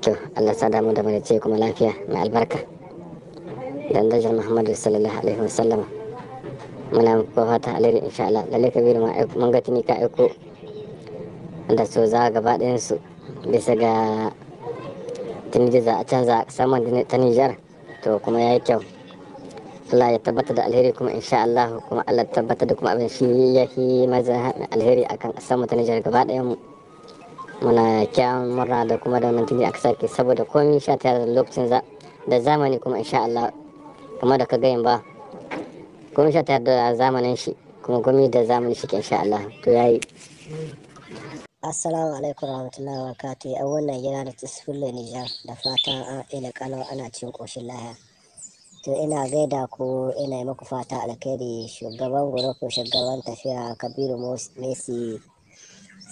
to Allah sa damu da mu ce kuma lafiya mai albarka dan dajar Muhammadu sallallahu alaihi wasallam muna muku fata alheri insha Allah lalle kabiru mun ga tuni ka aiko da so za gaba ɗayan su bisa ga tunji za a canza saman ta Nijar to kuma yayi kyau Allah ya tabbata da alheri kuma insha Allah kuma Allah tabbata da kuma abin shi yahi maza alheri akan kasar mu ta Nijar gaba ɗayan mu muna kyawun murna da kuma da wannan tunji aka sake saboda komi sha tare da lokacin da zamani kuma insha Allah kuma da ka gayin ba komi sha tare da zamanin shi kuma komi da zamanin shi ke insha Allah to yayi Assalamu alaikum warahmatullahi wabarakatuh a wannan yana da tisfulle Nijar da fatan an ina kano ana cin koshin lahiya to ina gaida ku ina yi muku fata alkhairi shugaban gura shugaban tafiya Kabiru Messi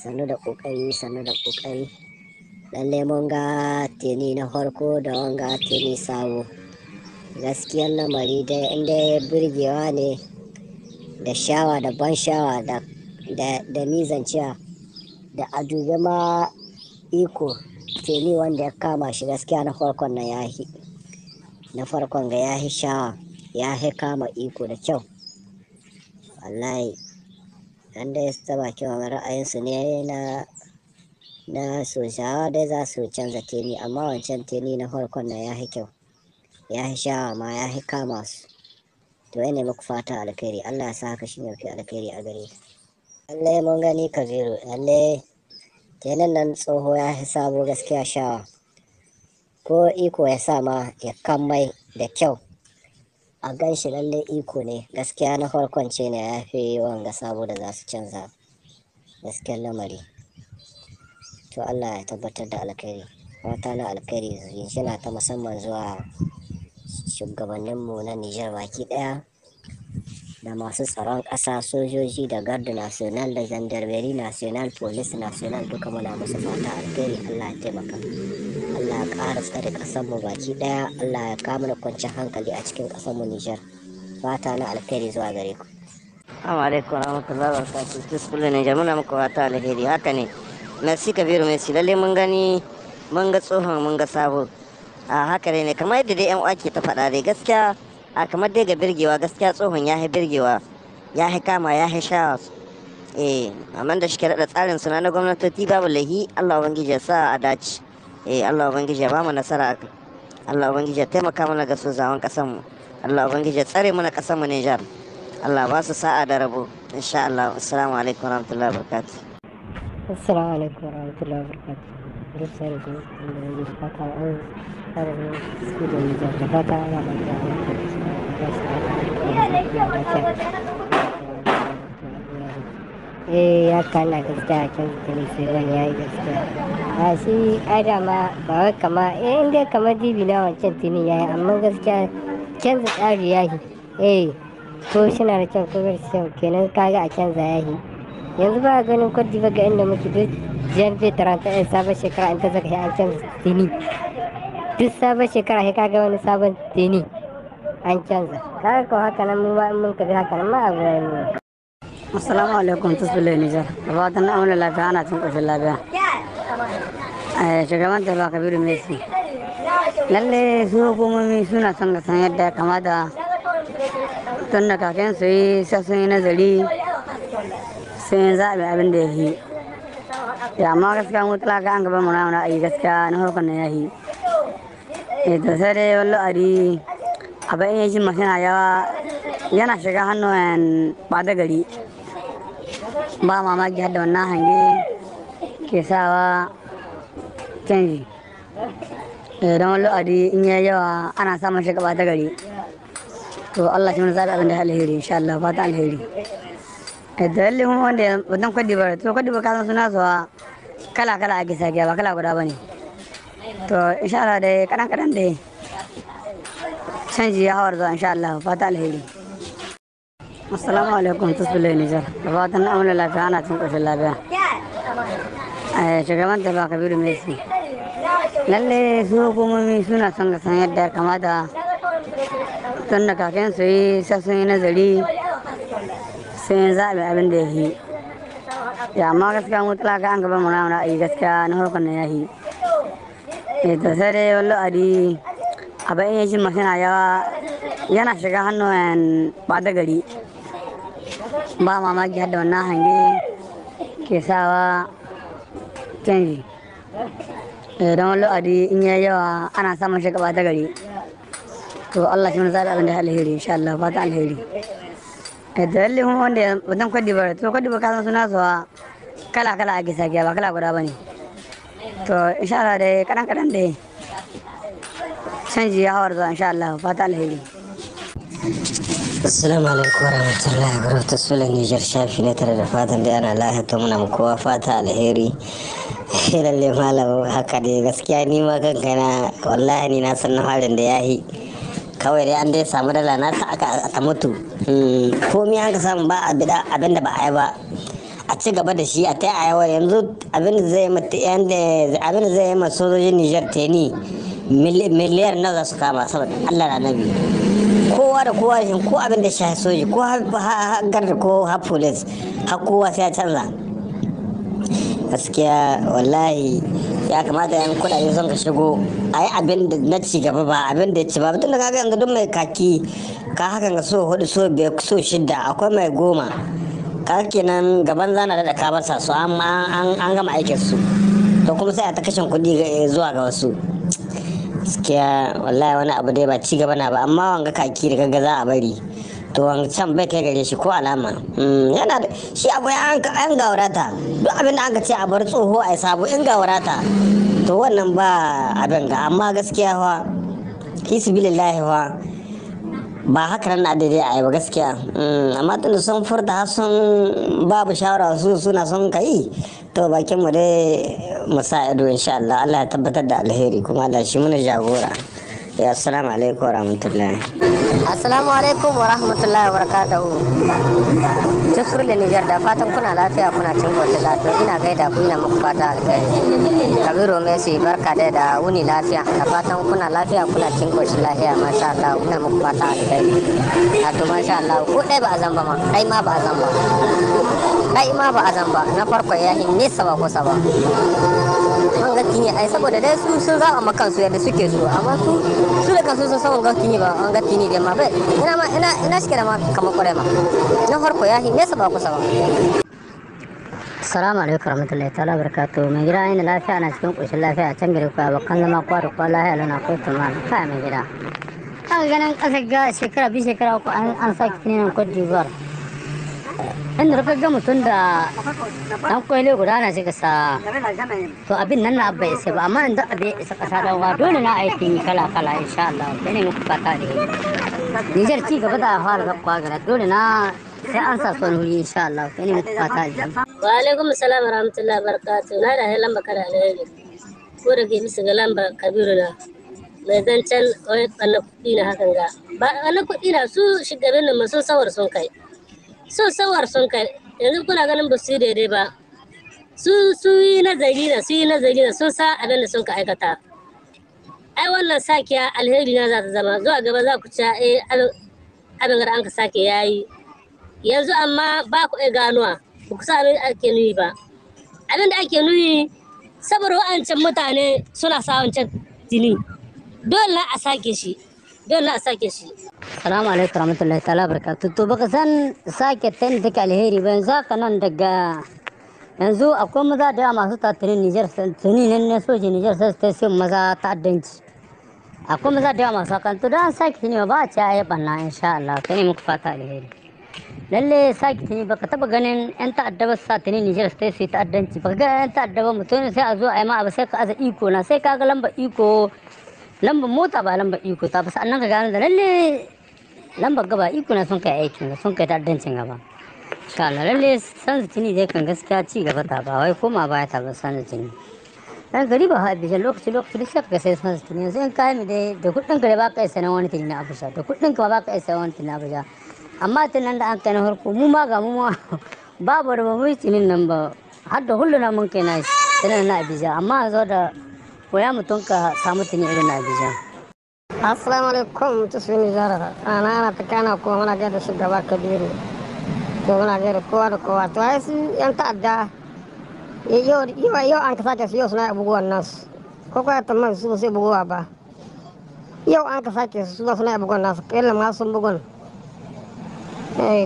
sannu da kokari sannu da kokari lalle mun ga tini na farko da wanga tini sabo gaskiyar lamari dai inda ya burgewa ne da shawa da ban shawa da nizanciya da a dubi ma iko tini wanda ya kama shi gaskiya na farkon na yahi na farkon ga yahi shawa yahi kama iko da kyau wallahi an dai ta ra'ayin ra'ayinsu ne na na shawa dai za su canza teni amma wancan teni na farkon na ya kyau ya yi shawa ma ya yi kama su to yana muku fata alkhairi allah ya sa haka shi mafi alkhairi a gari. allai mun gani ka zero allai tenin nan tsoho ya yi sabo gaskiya shawa ko iko ya sa ma ya kammai da kyau a gan shi lallai iko ne gaskiya na farkon ce ne ya fi wanga sabo da za su canza gaskiyar lamari to allah ya tabbatar da alkhairi wata na alkhairi yana ta musamman zuwa shugabanninmu na nijar baki daya da masu tsaron ƙasa sojoji da gardu national da zandarberi national police national duka muna musu fata alheri allah ya taimaka allah ya ƙara tsare ƙasar mu baki ɗaya allah ya kama da kwanciyar hankali a cikin ƙasar mu nijar fata na alheri zuwa gare ku Assalamu alaikum warahmatullahi wabarakatuh Tusbulu ne jamuna muku fata alheri haka ne na Merci Kabiru Messi lalle mun gani mun ga tsohon mun ga sabo a ah, haka ne kamar yadda dai yan uwa ke ta faɗa dai gaskiya a kamar dai ga birgewa gaskiya tsohon ya birgewa ya kama ya sha eh amma da shike da tsarin suna na gwamnatoci babu lahi Allah ubangije sa a dace eh Allah ubangije ba mu nasara akai Allah ubangije taimaka mana ga sozawan kasan mu Allah ubangije tsare mana kasan mu Niger Allah ba su sa'a da rabo insha Allah assalamu alaikum warahmatullahi wabarakatuh assalamu alaikum warahmatullahi wabarakatuh farin su da yi zata fata ya ɓanta eh ya kala gaskiya kyan kuli sai wani ya yi gaskiya a shi adama ba wai kama eh inda kamar dibi na wancan tuni ya yi amma gaskiya canza tsari ya yi eh ko shina da kyau ko bai kyau kenan kaga a canza ya yi yanzu ba ganin kwaddi ba ga inda muke duk jan veteran ta yan sabon shekara in ta zaka yi an canza tuni duk sabon shekara sai kaga wani sabon tini an canza kaga ko haka nan mun ba mun kaga haka nan ma abu ne assalamu alaikum tasbilai nijar da fatan na auna lafiya ana cin koshin lafiya eh, shugaban talba kabiru messi lalle su hukumomi suna son san yadda ya kamata tun da kakin su yi sassun yi nazari sun yin zaɓe abin da ya yi ya amma gaskiya mutu laka an gaba muna wani ayi gaskiya na harkar na ya yi eh to sai dai wallo ari abin ya ji yana yawa yana shiga hannuwan ɓata gari ba mamaki hada wannan hange ke sawa canji eh, don wani lo'adi in yi yawa ana samun shiga ɓata gari to Allah shi mana zaɓi abin da alheri insha Allah fata alheri eh, wanda kwadibar to kwadibar kasan suna suwa kala kala ake sakiya ba kala guda ba ne to insha Allah dai kadan kadan dai canji ya hawar zuwa insha Allah fata alheri assalamu alaikum tasbilai nijar da fatan amina lafiya ana cin ƙoshin lafiya eh, shugaban da ba kabiru messi lalle su hukumomi suna son ga san yadda kamata tun da kakin su yi sai sun yi nazari sun yi zaɓi abin da ya yi ya amma gaskiya mutala ga an gaba muna muna a yi gaskiya na harkar na ya yi da sai wallo adi abin shi masana yawa yana shiga hannuwan bada gari ba mamaki hada wannan hange ke sawa canji don wani adi in yi yawa ana samun shiga bada gari to allah shi mana zaɓi abin da alheri insha allah fata alheri da lalle kuma wanda wajen kwadibar to kwadibar kasan suna zuwa kala kala a gisa ba kala guda ba ne to insha Allah dai kadan kadan dai canji ya hawar zuwa insha Allah fata alheri Assalamu alaikum warahmatullahi wabarakatuh sunan Niger shafi na tare da fatan da ana lahiya to muna kowa fata alheri lalle malam haka dai gaskiya ni ma kanka na wallahi ni na san na harin da yahi kawai dai an dai samu dala na ta aka ta mutu hmm, komi an ka samu ba abinda ba a yi ba a ci gaba da shi a ta yawa yanzu abin da zai abin zai ma sojojin Niger teni miliyar na za su kama saboda Allah da nabi kowa da kowa shi ko abin da shi soji ko gar ko ha police ha kowa sai canza gaskiya wallahi ya kamata yan kudaje sun ka shigo a yi abin da na ci gaba ba abin da ya ci ba tun da kaga yanzu duk mai kaki ka hakan ga so hudu so biyar so shidda, akwai mai goma kaga kenan gaban zana da kabarsa su amma an gama aikin su to kuma sai a ta kashin kudi zuwa ga wasu gaskiya wallahi wani abu dai ba ci gaba na ba amma wanga kaki da gaga za a bari to wancan bai kai gare shi ko alama hmm, yana da shi abu an gawarata duk abin da an ce a bar tsoho a sabo in gawarata to wannan ba abin ga amma gaskiya fa isbilillahi fa ba haka nan na daidai a yi ba gaskiya mm, amma tunda sun furta sun babu shawara su suna son kai to bakin mu dai mu sa ido insha Allah Allah ya tabbatar da alheri kuma Allah shi muna jagora ke eh, assalamu alaikum rahmatullahi. assalamu alaikum wa wabarakatuhu tukur da nijar da fatan kuna lafiya kuna cin gwaji lafiya ina gaida ku ina muku fata alkai kabiru messi barka da da wuni lafiya da fatan kuna lafiya kuna cin gwaji lafiya masha Allah ina muku fata alkai a to masha Allah ko dai ba a zamba ma kai ma ba a zamba kai ma ba a zamba na farko ya yi nesa ba kusa ba an ga kinye ai saboda dai su sun zaba makansu yadda suke zuwa amma su su da kansu sun san wanga tuni ba kini tuni dai ma bai ina ma ina ina shi ma ma na farko ya nesa ba kusa ba Assalamu alaikum warahmatullahi ta'ala barakatuh mai gida lafiya na cikin lafiya a can gari ku abokan zama kwa da kwa lafiya lana ko tumana kai mai gida. Aka ganin ƙasar ga shekara biyu shekara uku an sake inda ka ga mutum da dan kwaile guda na shiga sa to abin nan na abba isa ba amma inda abin isa kasa dan wa dole na aiki kala kala insha Allah ne muku fata ne Nijar ci gaba da fara da kwagara dole na sai an sa son in insha Allah ne muku fata ne wa alaikum assalam wa rahmatullahi wa barakatuh na da halan baka da ko da ke bisa ga lamba kabiru na mai zancen kawai ɓanna kuɗi na hakan ga ba ɓanna kuɗi na su shugabannin masu sawar sun kai sun sawar sun kai yanzu kuna ganin ba su daidai ba su yi nazari na su yi nazari na sun sa abin da sun ka aikata ai wannan sakiya alheri na za ta zama zuwa gaba za ku ci eh, abin da an ka sake yayi yanzu amma ba ku iya ganuwa ba ku sa abin da ake nuyi ba abin da ake nuyi saboda wa'ancan mutane suna sa wancan jini dole a sake shi dole a sake shi salamu alaikum rahmatullahi ta'ala barakatu to baka san sake tan take alheri ba yanzu haka nan daga yanzu akwai maza da yawa masu tattalin Niger tuni ne na soji nijar sai ta sai maza ta ta'addanci akwai maza da yawa masu hakan to dan sake ne ba a ci ayi banna insha Allah kai ne muku fata alheri lalle sake tuni baka taba ganin yan ta'adda ba sa tuni Niger sai sai ta ta'addanci baka ga yan ta'adda ba mutum sai a zo a yi ma abu sai ka aza iko na sai ka ga lamba iko lambar mota ba lambar iko ta ba annan ka gano da lalle lambar gaba iko na sun kai aikin sun kai ta dancin gaba sha Allah lalle san tuni zai kan gaskiya ci gaba ta ba wai koma baya ta ba san tuni dan gari ba haɗe shi lokaci lokaci duk shakka sai san tuni yanzu in kai mu dai da kuɗin ka ba ka isa nan wani tuni na Abuja da kuɗin ka ba ka isa wani tuni na Abuja amma tun nan da an kai na farko mu ma ga mu ma babu da ba mu tuni nan ba har da hulluna mun kai na shi tunan na Abuja amma yanzu da waya mutum ka samu tuni irin na abijan assalamu alaikum ta suni zara ana ana ta kana kuma muna gaida shugaba kabiru to muna gaida kowa da kowa to ai su yan ta'adda yau yau an ka sake su yau suna abubuwan nasu ko kuma ta man su ba sai bugowa ba yau an ka sake su ba suna abubuwan nasu kailan lamar sun bugun eh,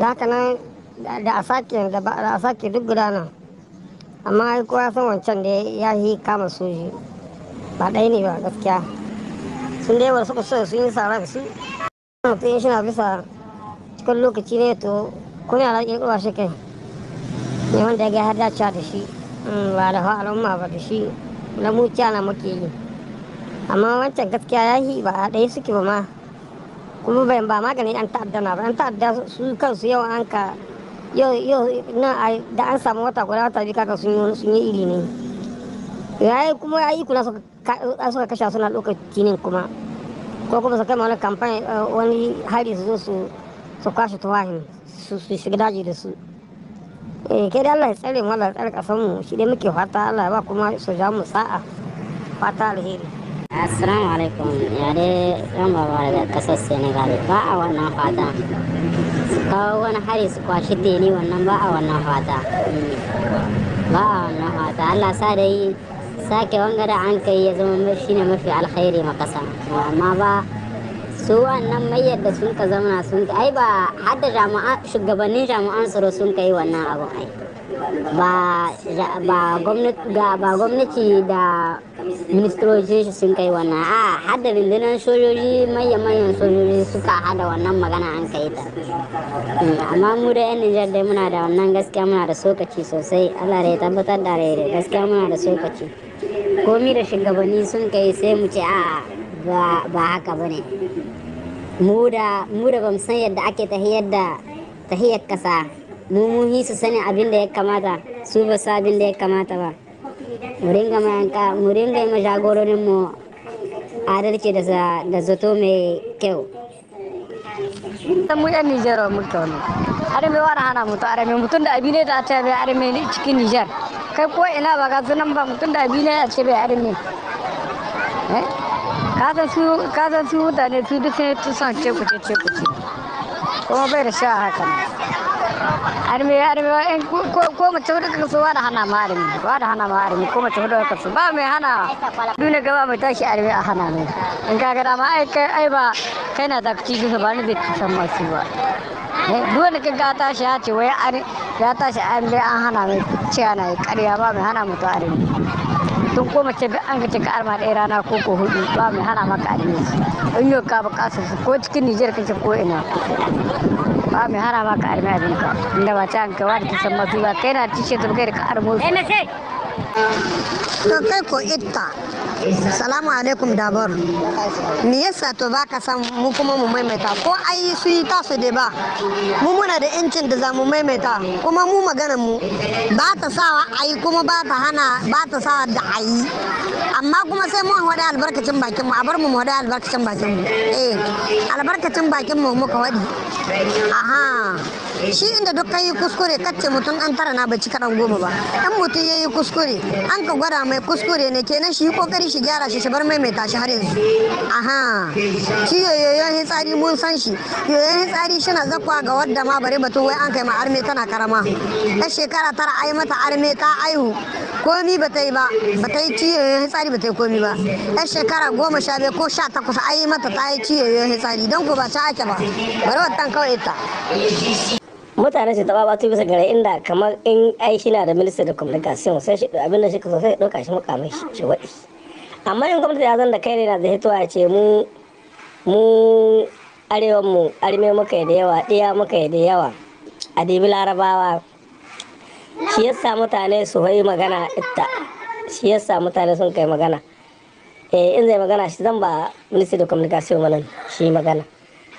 da haka nan da da a sake duk gudanar amma ai kowa san wancan da ya yi kama soji ba ɗaya ne ba gaskiya sun dai wasu kusa sun yi sara da shi mutum yin shina bisa cikin lokaci ne to kuma yana ƙirƙirwa shi kai ne wanda ya har dacewa da shi mm, ba da hawa al'umma ba da shi lamuciya na muke yi amma wancan gaskiya ya yi ba ɗaya suke ba ma kuma ba magani an ta'adda na ba an ta'adda su kansu yau an ka yau yau a da an samu wata kula wata biyu kaka sun yi iri ne yayi kuma yayi su ka kashe suna lokaci ne kuma ko kuma su kai wani kamfani eh, wani hari su zo su su kwashe tuwahin su shiga daji da su eh kai da Allah ya tsare mu Allah ya tsare kasan mu shi dai muke fata Allah ya ba kuma su ja mu sa'a fata alheri assalamu alaikum ya dai yan baba da kasar Senegal ba a wannan fata kawo wani hari su kwashi deni wannan ba a wannan fata ba a wannan fata allah sa da yi sake da an kai ya zama shine mafi alkhairi makasa amma ba su wannan mayar da sun ka zama sun ai ba har da shugabannin jami'an tsaro sun kai wannan abin ai ba gwamnati da ministoci shi sun kai wannan a hada rundunar sojoji manyan sojoji suka hada wannan magana an kai ta hmm, amma mu da yan nijar dai muna da wannan gaskiya muna da sokaci sosai allah da ya tabbatar da rai gaskiya muna da sokaci komi da shugabanni sun kai sai mu ce a ba haka ba ne mu da bamu san yadda ake tahiyar kasa mu mumuhi su sani abin da ya kamata su ba su abin da ya kamata ba mu ringa mayanka mu ringa yi jagororin mu adalci da zato mai kyau mu yan nijar wa mu wani arimai wani hana mutu arimai mutum da abin da ta bai arimai cikin nijar kai ko ina ba ga zunan ba mutum da abin da ce bai arimai ka san su mutane su duk sai son ce kuce ce kuce kuma bai da sha haka ne arme eh, arme ko mace hudu ka da hana ma arme ba hana ma ko mace hudu ka kaso ba mai hana duniya gaba mai tashi a hana ne in ka ga ma ai ai ba kai na da kuci ga ba ni bai san ba eh, dole ka ga tashi ya ce wai ya tashi an an hana mai ce ana yi karya ba mai hana mutu arme tun goma ce duk an kace ka arma ɗaya rana ko ko hudu ba mai hana maka in yau ka bukatar su ko cikin nijar kake ko ina ba mai hana maka armi abin ka inda ba ta hanka wani ta san ba kai na tishe ta da ka armo su. to kai ko itta salamu alaikum dabar me yasa to ba ka san mu kuma mu maimaita ko ai su yi tasu da ba mu muna da yancin da za mu maimaita kuma mu maganar mu ba ta sawa ai kuma ba ta hana ba ta sawa da ayi amma kuma sai mun wada albarkacin bakin mu a bar mu wada albarkacin bakin mu eh albarkacin bakin mu muka wadi aha shi inda duk kai kuskure kacce mutum an tara na baci karan goma ba dan mutum yayi kuskure an ka gwada mai kuskure ne kenan shi kokari shi gyara shi shi bar mai mai tashi har yanzu aha shi yoyoyon hitsari mun san shi yoyoyon hitsari shi na zakwa ga wadda ma bare batu wai an kai ma arme tana karama ta shekara tara ai mata arme ta aihu komi ba ta yi ba ba ta yi ciyoyin hitsari ba ta yi komi ba yar shekara goma sha biyu ko sha takwas a yi mata ta yi ciyoyin hitsari don ko ba ta ake ba bari tan kawai ita mutane su taba batu bisa gare inda kamar in ai shi na da minista da communication sai shi abin da shi ka sosai ɗauka shi mukamai shi waɗi amma in gwamnati ya zan da kai ne na zai ya ce mu mu arewa mu arme muka da yawa ɗaya muka da yawa a dibi larabawa shi yasa mutane su yi magana ita shi yasa mutane sun kai magana eh in zai magana shi zan ba ministry of communication mana shi magana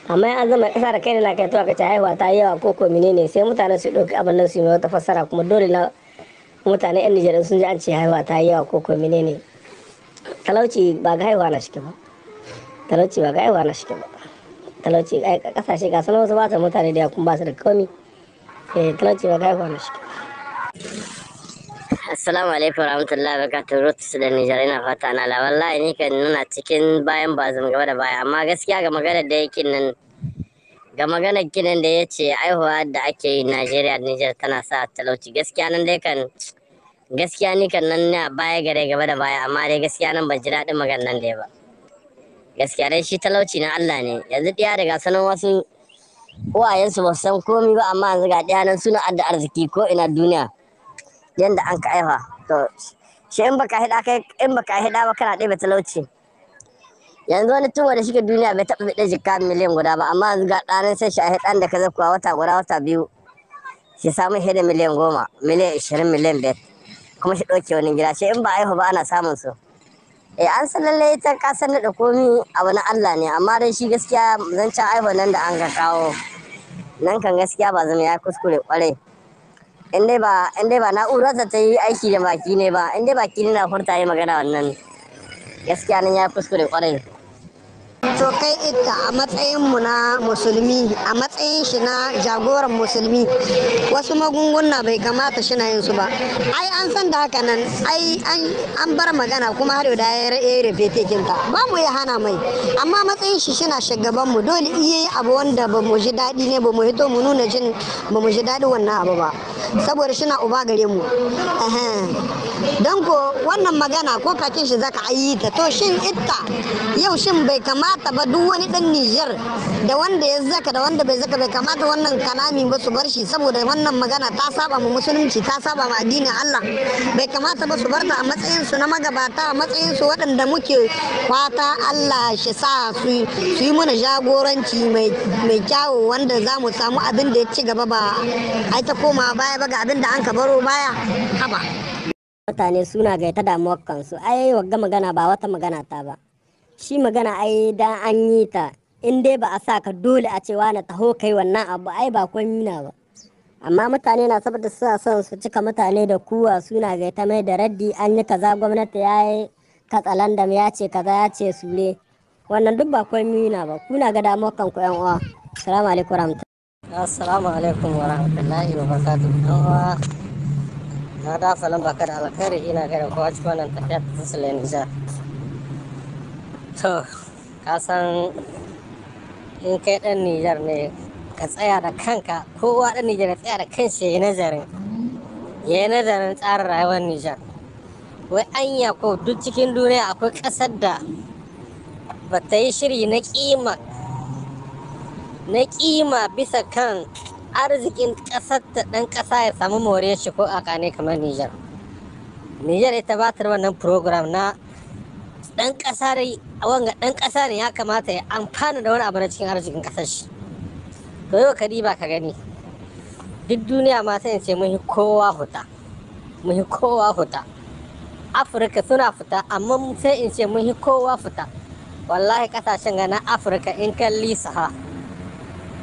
amma an zama kasa da kai na kai to aka ci haihuwa ta yawa ko ko menene sai mutane su dauki abin nan su yi wata fassara kuma dole na mutane yan Nijar sun ji an ce haihuwa ta yawa ko ko menene talauci ba ga haihuwa na shi ba talauci ba ga haihuwa na shi ba talauci kasashe ga sanar wasu ba ta mutane da kuma ba su da komi eh, talauci ba ga haihuwa na shi Assalamu alaikum warahmatullahi wabarakatuh Ruth da Nijar ina fata na la wallahi ni kan nuna cikin bayan bazum gaba da baya amma gaskiya ga magana da yake nan ga magana kinan da yace aihuwa da ake yi Najeriya Nijar tana sa talauci gaskiya nan dai kan gaskiya ni kan nan na baya gare gaba da baya amma dai gaskiya nan ban ji daɗin maganar nan dai ba gaskiya dai shi talauci na Allah ne yanzu ɗaya daga sanin wasu uwayensu ba san komi ba amma yanzu ga ɗaya nan suna adda arziki ko ina duniya yanda an ka aiwa to shi in baka hida kai in baka hida ba kana ɗebe talauci yanzu wani tun da shike duniya bai taɓa fiɗe jikka miliyan guda ba amma yanzu ga ɗanin sai shi a hidan da ka zakuwa wata guda wata biyu shi samu hida miliyan goma miliyan ishirin miliyan biyar kuma shi ɗauke wani gida shi in ba aihu ba ana samun su eh an san lallai ta kasar da komi abu na Allah ne amma dai shi gaskiya zancen aihu nan da an ga kawo nan kan gaskiya ba zama ya kuskure kwarai in dai ta yi aiki da baki ne ba in dai ne na furta yi magana wannan gaskiya nan ya kwarai to kai ita a matsayin mu na musulmi a matsayin shi na jagoran musulmi wasu magunguna bai kamata shi na yin su ba ai an san da haka nan ai an bar magana kuma har da ya rufe tekinta ba mu ya hana mai amma matsayin shi shina shugaban mu dole iya abu wanda ba mu ji daɗi ne ba mu hito mu nuna jin ba mu ji daɗi wannan abu ba saboda shi na uba gare mu don ko wannan magana ko kakin shi zaka ayi ta to shin ita yau shin bai kamata ba duk wani dan Nijar da wanda ya zaka da wanda bai zaka bai kamata wannan kanami ba su bar shi saboda wannan magana ta saba mu musulunci ta saba ma addinin Allah bai kamata ba su bar ta a matsayin su na magabata a matsayin su waɗanda muke kwata Allah shi sa su yi mana jagoranci mai kyawu wanda za mu samu abin da ya ci gaba ba ai ta koma baya ba ga abin da an ka baro baya haba mutane suna gaita damuwar kansu ai wagga magana ba wata magana ta ba shi magana ai dan an yi ta in dai ba a sa ka dole a cewa na taho kai wannan abu ai ba yi na ba amma mutane na saboda suna son su cika mutane da kuwa suna gaita mai da raddi an yi kaza gwamnati ya yi katsalandam ya ce kaza ya ce sure wannan duk ba komi na ba kuna ga damuwar kanku yan uwa assalamu alaikum Assalamu alaikum wa rahmatullahi wa barakatuh uwa na da falon baka da alkhairi ina gaida kowa cikin wannan tafiya ta tsala Nijar to ka san in kai dan Nijar ne ka tsaya da kanka kowa dan Nijar ya tsaya da kanshi ya yi nazarin ya yi nazarin tsarin rayuwar Nijar wai anya ko duk cikin duniya akwai ƙasar da ba ta yi shiri na kima. na kima bisa kan arzikin ƙasar ta ɗan ƙasa ya samu more shi ko a kane kamar Nijar. Nijar ita ba ta wannan program na ɗan ƙasa ne wanga ɗan ƙasa ne ya kamata ya amfana da wani abu na cikin arzikin ƙasar shi. To yau kadi ba ka gani. Duk duniya ma sai ce mun kowa huta. Mun kowa huta. Afirka suna fita amma sai in ce mun kowa fita. Wallahi ƙasashen ga na Afirka in kan lisa ha.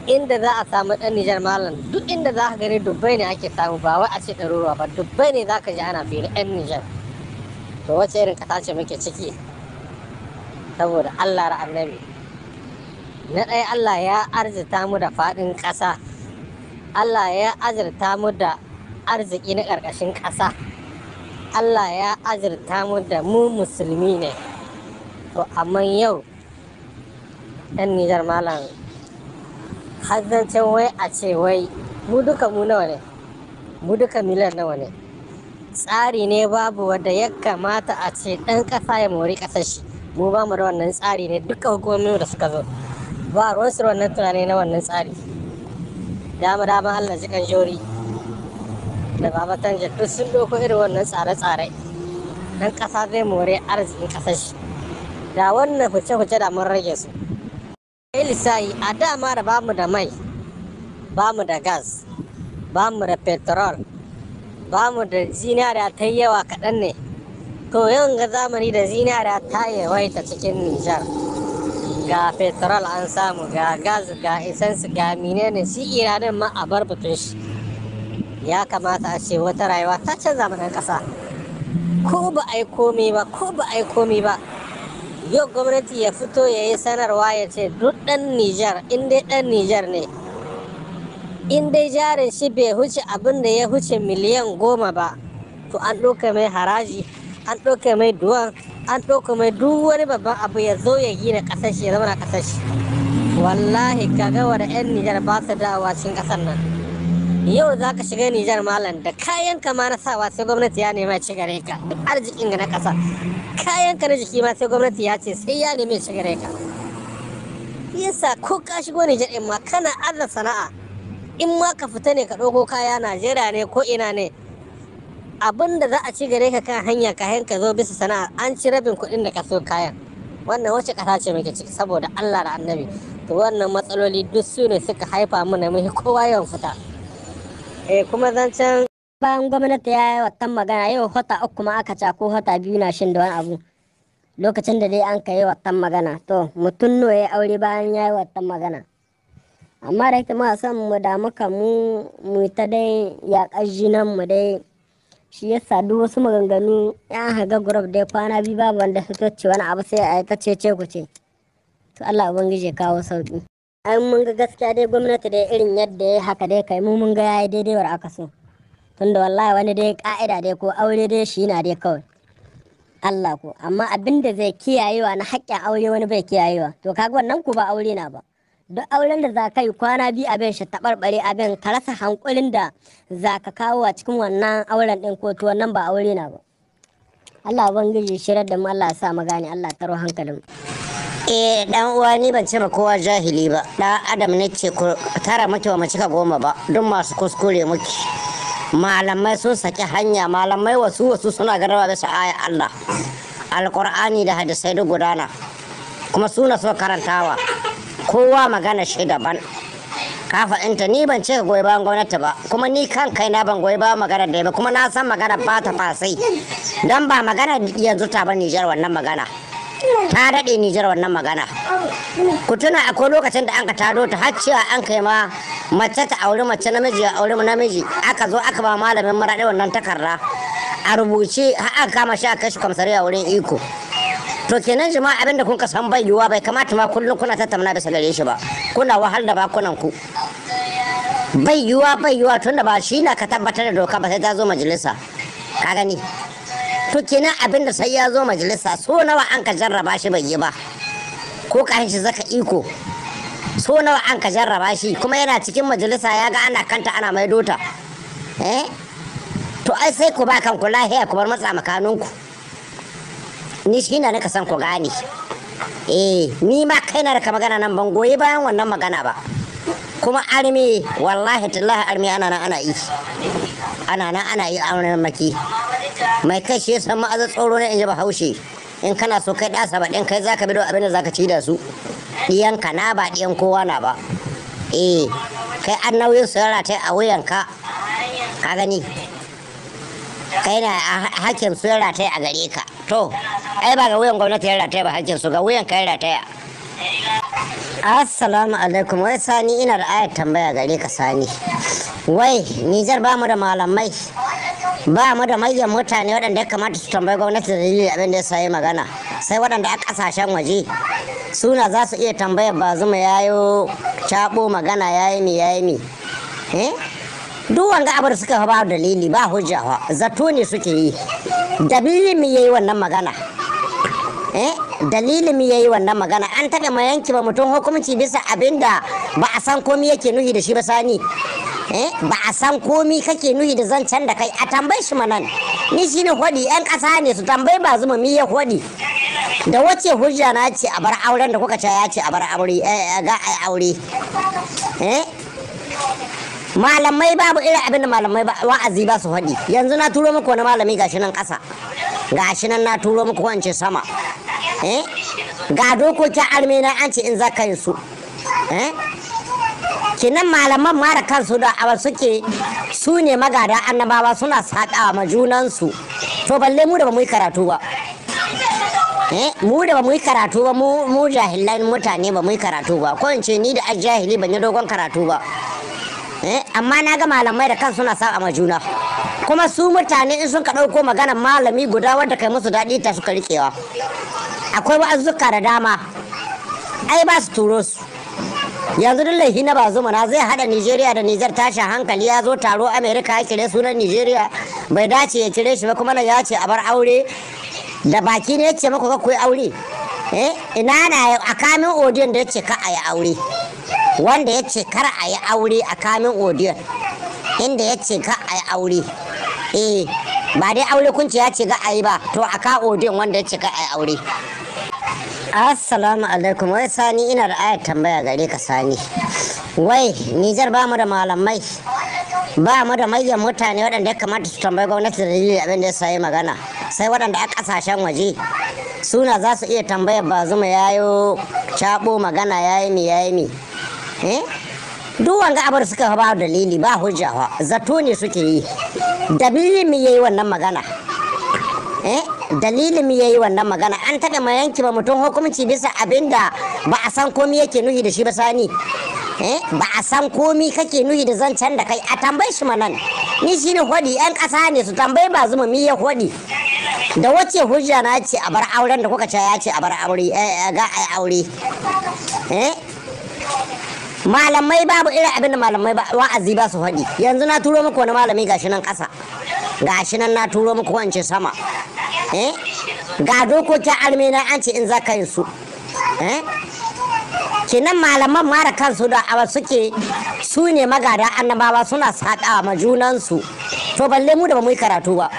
inda za a samu ɗan Nijar malam duk inda za ka gani dubbai ne ake samu ba wai a ce ɗaruruwa ba dubbai ne za ka ji ana fili yan Nijar to wace irin kasa ce muke ciki saboda Allah da annabi na ɗaya Allah ya arzita mu da faɗin ƙasa Allah ya azurta mu da arziki na ƙarƙashin ƙasa Allah ya azurta mu da mu musulmi ne to amma yau ɗan Nijar malam har wai a ce wai mu duka mu nawa ne mu duka miliyan nawa ne tsari ne babu wanda ya kamata a ce ɗan ƙasa ya mori ƙasar shi mu ba mu da wannan tsari ne duka hukumomin da suka zo ba ruwan su wannan tunani na wannan tsari dama dama Allah jikan jori da baba tanja duk sun doko irin wannan tsare-tsare dan ƙasa zai more arzikin ƙasar shi da wannan fice-fice da mun rage su Ilisayi a dama da bamu da mai, bamu da gas, bamu da petrol, bamu da zinariya ta yi yawa kaɗan ne. To yau ga zamani da zinariya ta yawaita cikin Nijar. Ga petrol an samu, ga gas, ga essence, ga minene shi iranin ma a bar shi. Ya kamata a ce wata rayuwa ta canza mana ƙasa. Ko ba a yi komi ba, ko ba a yi komi ba. yau gwamnati ya fito ya yi sanarwa ya ce duk ɗan nijar in dai ɗan nijar ne in dai jarin shi bai huce abin da ya huce miliyan goma ba to an ɗauka mai haraji an ɗauka mai duwan an ɗauka mai duk wani babban abu ya zo ya gina ƙasashe ya zama na ƙasashe wallahi kaga wa da 'yan nijar ba su dawowa cikin ƙasar nan yau za ka shiga nijar malam da kayan ka ma na sawa sai gwamnati ya nema ci gare ka arzikin ga na ƙasa kayan ka na jiki ma sai gwamnati ya ce sai ya nema ci gare ka yasa ko ka shigo nijar in ma kana arzikin sana'a in ma ka fita ne ka ɗauko kaya najeriya ne ko ina ne abin da za a ci gare ka kan hanya kayan ka zo bisa sana'a an ci rabin kuɗin da ka so kayan wannan wace ƙasa ce muke ciki saboda allah da annabi to wannan matsaloli duk su ne suka haifa mana muhi kowa yawan fita eh kuma zancen bayan gwamnati ya yi watan magana yau hota uku ma aka ca ko hota biyu na shin da wani abu lokacin da dai an ka yi watan magana to mutum no ya aure bayan ya yi watan magana amma da kuma ma mu da muka mu mu ta dai ya nan mu dai shi ya sadu wasu maganganu ya haga gurab dai kwana biyu babu wanda su ce wani abu sai a yi ta ce ce ku ce to Allah ubangiji kawo sauki an mun ga gaskiya dai gwamnati dai irin yadda ya haka dai kai mu mun ga yayi daidai war aka so tunda wallahi wani dai ka'ida dai ko aure dai shi na dai kawai Allah ko amma abin da zai kiyayewa na haƙƙin aure wani bai kiyayewa to kaga wannan ku ba aure na ba duk auren da za ka yi kwana biyu abin shi taɓarɓare abin ka rasa hankulin da za ka kawo a cikin wannan auren ɗin ko to wannan ba aure na ba Allah ubangiji shirar da mu Allah ya sa mu gane Allah taro hankalin mu eh dan uwa ni ban ce kowa jahili ba Da adam ne ce tara muke wa mu cika goma ba duk masu kuskure muke malamai sun saki hanya malamai wasu wasu suna garba bisa aya Allah alkur'ani da hadisai duk gudana kuma suna so karantawa kowa magana shi daban ka fahimta ni ban ce goyi bayan gwamnati ba kuma ni kan kai na ban goyi bayan magana da ba kuma na san magana ba ta fasai dan ba magana yanzu ta ba Nijar wannan magana ta daɗe Nijar wannan magana. Ku tuna akwai lokacin da an ka tado ta har cewa an kai ma mace ta auri mace namiji a aure namiji aka zo aka ba malamin maraɗe wannan takarda a rubuce har aka kama shi a kai shi kwamsari a wurin iko. To kenan jama'a abin da kun ka san bai yiwuwa bai kamata ma kullum kuna tattauna bisa gare shi ba kuna wahal da bakunan ku. Bai yiwuwa bai yiwuwa tunda ba shi na ka tabbatar da doka ba sai ta zo majalisa. Ka gani. to kenan abin da sai ya zo majalisa so nawa an ka jarraba shi bai yi ba ko karin shi zaka iko so nawa an ka jarraba shi kuma yana cikin majalisa ya ga ana kanta ana maido ta eh to ai sai ku ba kanku lahiya ku bar matsa makanunku ni shi na nika san ku gane eh ni ma kai na raka magana nan ban goyi bayan wannan magana ba kuma armi wallahi tallahi armi ana nan ana yi ana nan ana yi auren maki mai kai shi yasa ma azar tsoro ne in ji bahaushe in kana so kai ɗasa ba ɗin kai zaka bi da abin da zaka ci da su ka na ba ɗiyan kowa na ba eh kai an nauyin su yana ta a wuyanka ka gani kai na hakkin su yara ta a gare ka to ai ba ga wuyan gwamnati yara ta ba hakkin su ga wuyan ka yara ta Assalamu alaikum wai sani ina da ayar tambaya gare ka sani wai Nijar bamu da malamai ba mu da manyan mutane waɗanda ya kamata su tambayi gwamnati da dalilin abin da ya sayi magana sai waɗanda a ƙasashen waje suna za su iya tambayar ba zuma yayo caɓo magana yayi mi yayi mi eh? duk wanga abu da suka ba dalili ba hujja zato ne suke yi dalili mi yi wannan magana eh dalili mi yi wannan magana an taɓa ma yanki ba mutum hukunci bisa abin da ba a san komi yake nuhi da shi ba sani Eh, ba a san komi kake nuhi da zancen da kai a tambayi shi manan ni shi ne hodi yan ƙasa ne su tambayi ba zuma mi ya hodi da wace hujja na ce a bar auren da kuka ce ya ce a bar aure ga eh, eh, ai aure malamai babu irin abin da malamai wa'azi ba su hodi yanzu na turo muku wani malami gashi nan ƙasa gashi nan na turo muku wance sama ga dokokin armena an ce in za ka yi su eh kinan malaman ma da kansu da awa suke su ne magada annabawa suna saƙa ma junansu to balle mu da ba mu yi karatu ba eh, mu da ba mu yi karatu ba mu jahilan mutane ba mu yi karatu ba ko ce ni da a jahili ban yi dogon karatu ba eh, amma na ga malamai da kansu na saƙa ma juna kuma su mutane in sun ka ɗauko maganar malami guda wadda kai musu daɗi ta suka riƙewa akwai wa'azzuka da dama ai ba su turo su yanzu duk laifi na ba zuma na zai hada nigeria da nijar tashi hankali ya zo taro Amerika ya cire sunan nigeria bai dace ya cire shi ba kuma ya ce a bar aure da baki ne ya ce maka ka aure eh ina na a kamin odiyon da ya ce ka a yi aure wanda ya ce kar a yi aure a kamin odiyon inda ya ce ka a yi aure eh ba dai aure kunci ya ce ga a yi ba to a ka odiyon wanda ya ce ka a yi aure Assalamu alaikum wai sani ina da ayar tambaya gare ka sani. Wai Nijar ba mu da malamai ba mu da manyan mutane waɗanda ya kamata su tambayi gwamnati da dalilin abin da ya sayi magana sai waɗanda a ƙasashen waje suna za su iya tambayar ba zuma yayo caɓo magana yayi mi yayi mi. Eh? duk wanga abar suka ba dalili ba hujja zato ne suke yi dalili me yayi wannan magana eh dalilin ya yi wannan magana an taɓa ma yanki ba mutum hukunci bisa abin da ba a san komi yake nuhi da shi ba sani eh, ba a san komi kake nuhi da zancen da kai a tambayi shi manan ni shi ne hodi yan ƙasa ne su tambayi ba zuma mi ya hodi da wace hujja na ce a bar auren da kuka ce ya ce a bar aure ga eh, eh, a aure malamai babu irin abin da malamai wa'azi ba su faɗi yanzu na turo muku wani malami gashi nan ƙasa gashi nan na turo muku wancan sama Eh? ga dokokin almina an ce in za ka yi su eh? kenan malaman mara kansu da awa suke su ne magada annabawa suna saƙa ma junansu to balle mu da ba mu yi karatu ba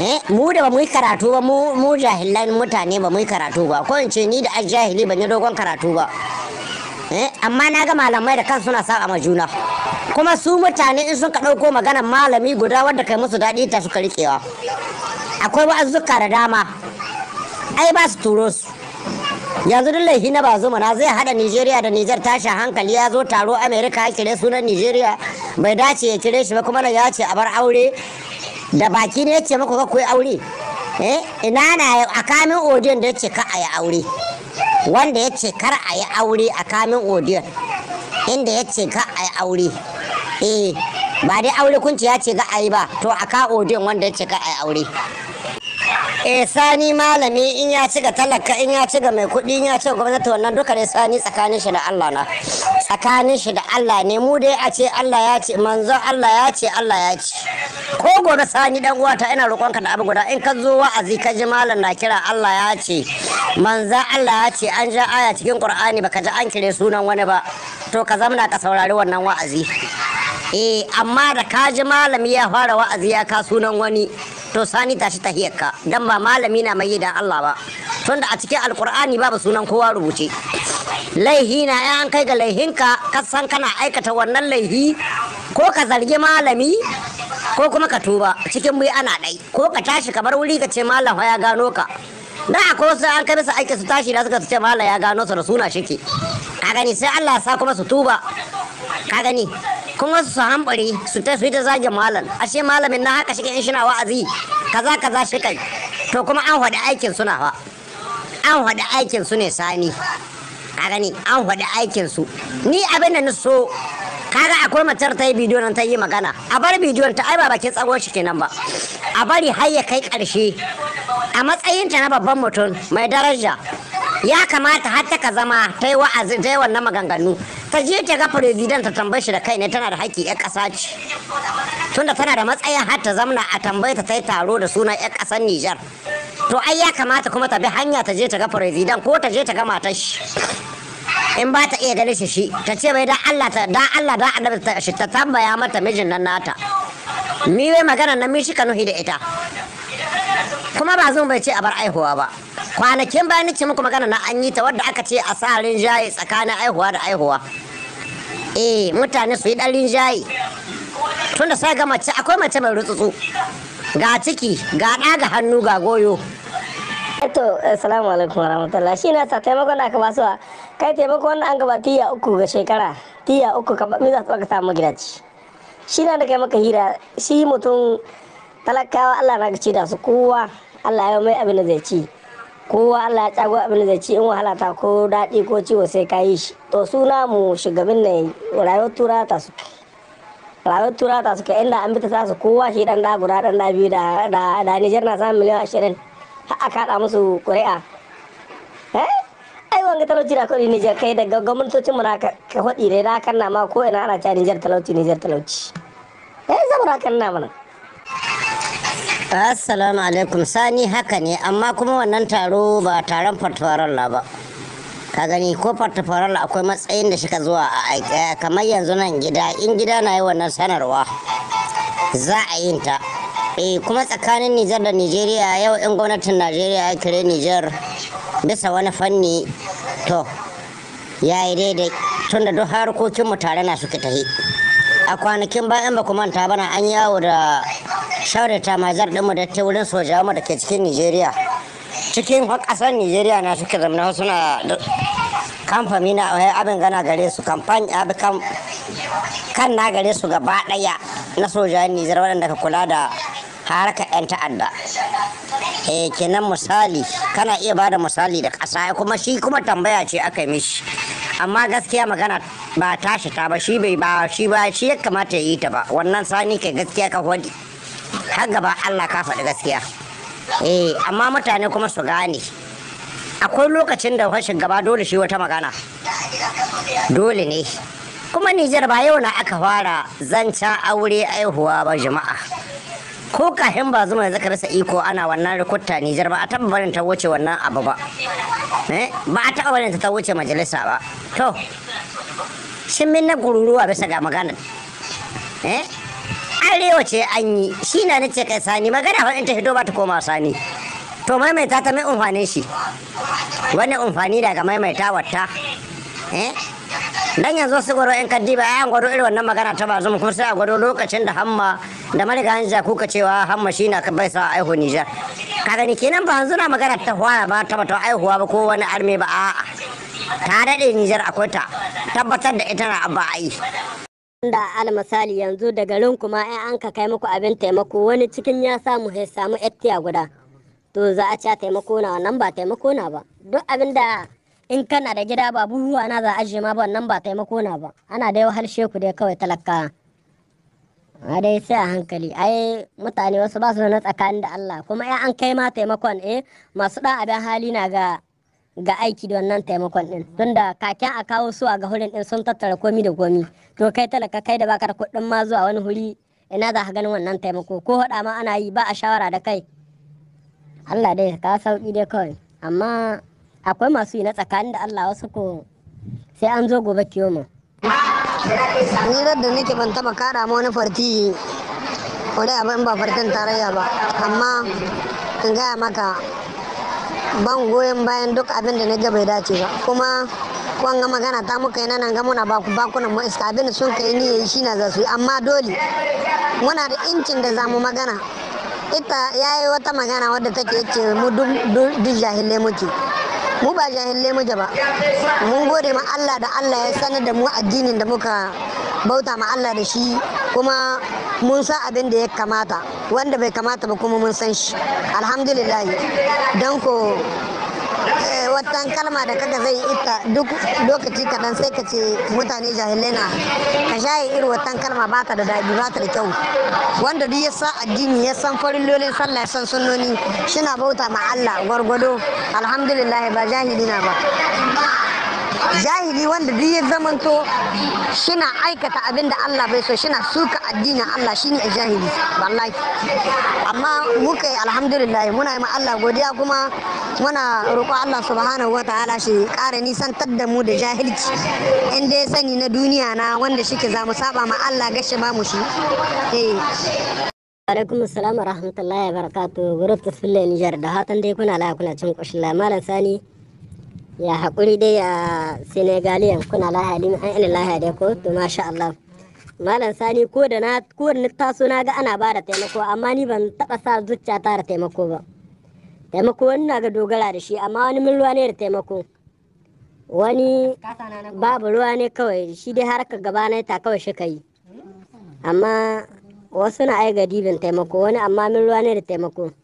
eh? mu da ba mu yi karatu ba mu jahilan mutane ba mu yi karatu ba ko in ce ni da an jahili ban yi dogon karatu ba amma na ga malamai da kansu suna saƙa ma juna kuma su mutane in ka ɗauko maganar malami guda wadda kai musu daɗi ta suka riƙewa akwai wa'azzuka da dama ai ba su turo su yanzu duk laifi na ba na? zai hada nigeria da niger tashi hankali ya zo taro america ya kire sunan nigeria bai dace ya kire shi ba kuma ya ce a bar aure da baki ne ya ce maka ka aure eh ina na a kamin odiyon da ya ce ka a yi aure wanda ya ce kar a yi aure a kamin odiyon inda ya ce ka a yi aure eh ba dai aure kunci ya ce ga a yi ba to a ka odiyon wanda ya ce ka a yi aure eh sani malami in ya ci ga talaka in ya ci ga mai kuɗi in ya ci ga gwamnati wannan duka ne sani tsakanin shi da Allah na tsakanin shi da Allah ne mu dai a ce Allah ya ce manzo Allah ya ce Allah ya ce ko gobe sani dan uwata ina roƙonka da abu guda in ka zo wa'azi ka ji malam na kira Allah ya ce manzo Allah ya ce an ja aya cikin Qur'ani baka ji an kire sunan wani ba to ka zamna ka saurari wannan wa'azi eh amma da ka ji malami ya fara wa'azi ya ka sunan wani to sani tashi ka dan ba malami na mai da Allah ba tunda a cikin alkur'ani babu sunan kowa rubuce laihi na ya an kai ga laihinka ka san kana aikata wannan laihi ko ka zargi malami ko kuma ka tuba cikin mu ana dai ko ka tashi ka bar wuri ka ce malam ya gano ka da akwai wasu an kai su aiki su tashi da suka ce malam ya gano su da suna shike ka gani sai Allah ya sa kuma su tuba ka gani kuma su hambari su ta su ta zage malam ashe malamin na haka shi in shina wa'azi kaza kaza shi kai to kuma an hada aikin suna ba an hada aikin su ne sani a gani an hada aikin su ni abin da na so kaga akwai matar ta yi bidiyo nan ta yi magana a bar bidiyon ta ai ba bakin tsagon shi kenan ba a bari har ya kai ƙarshe a matsayinta na babban mutum mai daraja ya kamata har ta zama ta yi wa'azi ta yi wannan maganganu ta je ta ga president ta tambaye shi da kai ne tana da haƙƙi ƴan ƙasa ce tunda tana da matsayin har ta zamna a tambaye ta ta yi taro da sunan ƴan ƙasar Nijar to ai ya kamata kuma ta bi hanya ta je ta ga president ko ta je ta ga matar shi in ba ta iya ganin shi ta ce bai da Allah ta da Allah da annabi ta tambaya mata mijin nan nata ni wai magana na mi shi ka nuhi da ita kuma ba zan bai ce a bar aihuwa ba kwanakin bayan ni ce muku magana na an yi ta wadda aka ce a sarin jayi tsakanin aihuwa da aihuwa eh mutane su yi dan rinjaye tunda sai ga mace akwai mace mai rutsutsu ga ciki ga ɗa ga hannu ga goyo to assalamu alaikum wa rahmatullahi shi na sa taimakon da aka ba su kai taimako wanda an gaba tiya uku ga shekara tiya uku ka mi za su baka samu gidaci shi na da kai maka hira shi mutum talakawa Allah na ci da su kowa Allah ya mai abin da zai ci kowa Allah ya tsago abin da zai ci in wahala ta ko daɗi ko ciwo sai ka yi shi to suna mu shugabin ne rayuwar tura ta su rayuwar tura ta su ka inda an bita ta su kowa shi dan da guda dan da biyu da da Niger na samu miliyan ashirin har aka da musu ƙuri'a eh? ai wanga talauci da kuɗi Niger kai da gwamnatocin mu na ka faɗi dai da kan na ma ko ina ana ta Niger talauci Niger talauci eh saboda kan na mana assalamu alaikum sani haka ne amma kuma wannan taro ba taron fartafaralla ba ka gani ko fartafaralla akwai matsayin da shika zuwa a kamar yanzu nan gida in gida na yi wannan sanarwa za a yin ta e kuma tsakanin nijar da Nijeriya yau in gwamnatin najeriya ya kire nijar bisa wani fanni to ya yi daidai tun da duk harkokinmu tare na suke tahi a kwanakin bayan ba kuma manta bana an yawo da shaurin tamazar mu da ta wurin soja mu da ke cikin nigeria cikin ƙasar nigeria na suka zamana suna kamfani na abin gana gare su kamfani kan na gare su gaba ɗaya na soja nijar waɗanda ka kula da harkar 'yan ta'adda eh kenan misali kana iya bada misali da ƙasa kuma shi kuma tambaya ce aka mishi amma gaskiya magana ba tashi ta ba shi bai ba shi ba shi ya kamata ya yi ta ba wannan sani kai gaskiya ka hodi har gaba Allah ka faɗi gaskiya eh amma mutane kuma su gane akwai lokacin da fashin gaba dole shi wata magana dole ne kuma Nijar ba yau na aka fara zancen aure aihuwa ba jama'a ko kahin ba zuma zaka rasa iko ana wannan rikutta Nijar ba a taɓa barin ta wuce wannan abu ba eh, ba a taɓa barin ta wuce majalisa ba to shin min na gururuwa bisa ga maganar eh arewa ce an yi shi na nace kai sani magana in ta hido ba ta koma sani to maimaita ta mai umfanin shi wani umfani daga maimaita wata eh? dan yanzu su gwaro in kaddiba ayan gwaro irin wannan magana ta ba zuma kuma sai a gwaro lokacin da hamma da mariga hanzu kuka cewa hamma shi na bai sa aiho Nijar ka gani kenan ba hanzu na magana ta hwaya ba ta bata aihuwa ba ko wani arme ba a'a ta daɗe Nijar akwai ta tabbatar da ita na ba a yi da al misali yanzu da garin kuma in an ka kai muku abin taimako wani cikin ya samu ya samu ettiya guda to za a ci taimako na wannan ba taimako na ba duk abin da in kana da gida ba buhuwa na za a ajiye ma ba wannan ba taimako na ba ana dai wahal ku dai kawai talaka a dai sai a hankali ai mutane wasu ba su na tsakanin da Allah kuma ya an kai ma taimakon eh masu da abin hali na ga ga aiki da wannan taimakon din tunda kakin a kawo su a ga hurin din sun tattara komi da komi to kai talaka kai da baka da kuɗin ma zuwa wani huri ina za ka ganin wannan taimako ko hada ma ana yi ba a shawara da kai Allah dai ka sauki dai kawai amma akwai masu yi na tsakanin da Allah wasu ko sai an zo gobe mu ni da nake ban taba kara ma wani farti ko dai abin ba fartin tarayya ba amma in gaya maka ban goyon bayan duk abin da na ga bai dace ba kuma kwan ga magana ta muka yi nan ga muna baku bakunan mu iska abin da sun kai ni yayi shi na za yi amma dole muna da incin da za mu magana ita yayi wata magana wadda take ce mu duk jahilai muke mu ba jahilai muke ba mun gode ma Allah da Allah ya sanar da mu addinin da muka bauta ma Allah da shi kuma mun san abin da ya kamata wanda bai kamata ba kuma mun san shi alhamdulillah don ko eh, watan kalma da kaga zai ita duk lokaci kaɗan sai ka ce mutane jahilai na ka shaye irin watan kalma baka da daɗi ba da kyau wanda duk ya san addini ya san lolin sallah ya san sunnoni shina bauta ma Allah gwargwado alhamdulillah ba jahilina ba jahili wanda duk ya zamanto shina aikata abin da Allah bai so shina suka addinin Allah shine a jahili wallahi amma muka yi alhamdulillah muna yi ma Allah godiya kuma muna roƙo Allah subhanahu wataala shi ƙara nisantar da mu da jahilci in dai sani na duniya na wanda shike za mu saba ma Allah gashi ba mu shi eh alaikum assalam wa rahmatullahi wa barakatuh gurub tasfilla nijar da hatan dai kuna la kuna cin kushin la sani ya haƙuri dai a senegalian kuna lahadi an ina lahadi ko to masha Allah malam sani ko da na ko da taso na ga ana bada taimako amma ni ban taba sa zuciya ta da taimako ba taimako wani na ga dogara da shi amma wani mun ruwa ne da taimako wani babu ruwa ne kawai shi dai harka gaba na ta kawai shi kai amma wasu na ai dibin taimako wani amma mun ruwa ne da taimako